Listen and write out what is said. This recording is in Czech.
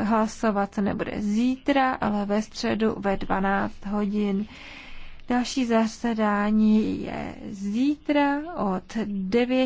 hlasovat se nebude zítra, ale ve středu ve 12 hodin. Další zasedání je zítra od 9.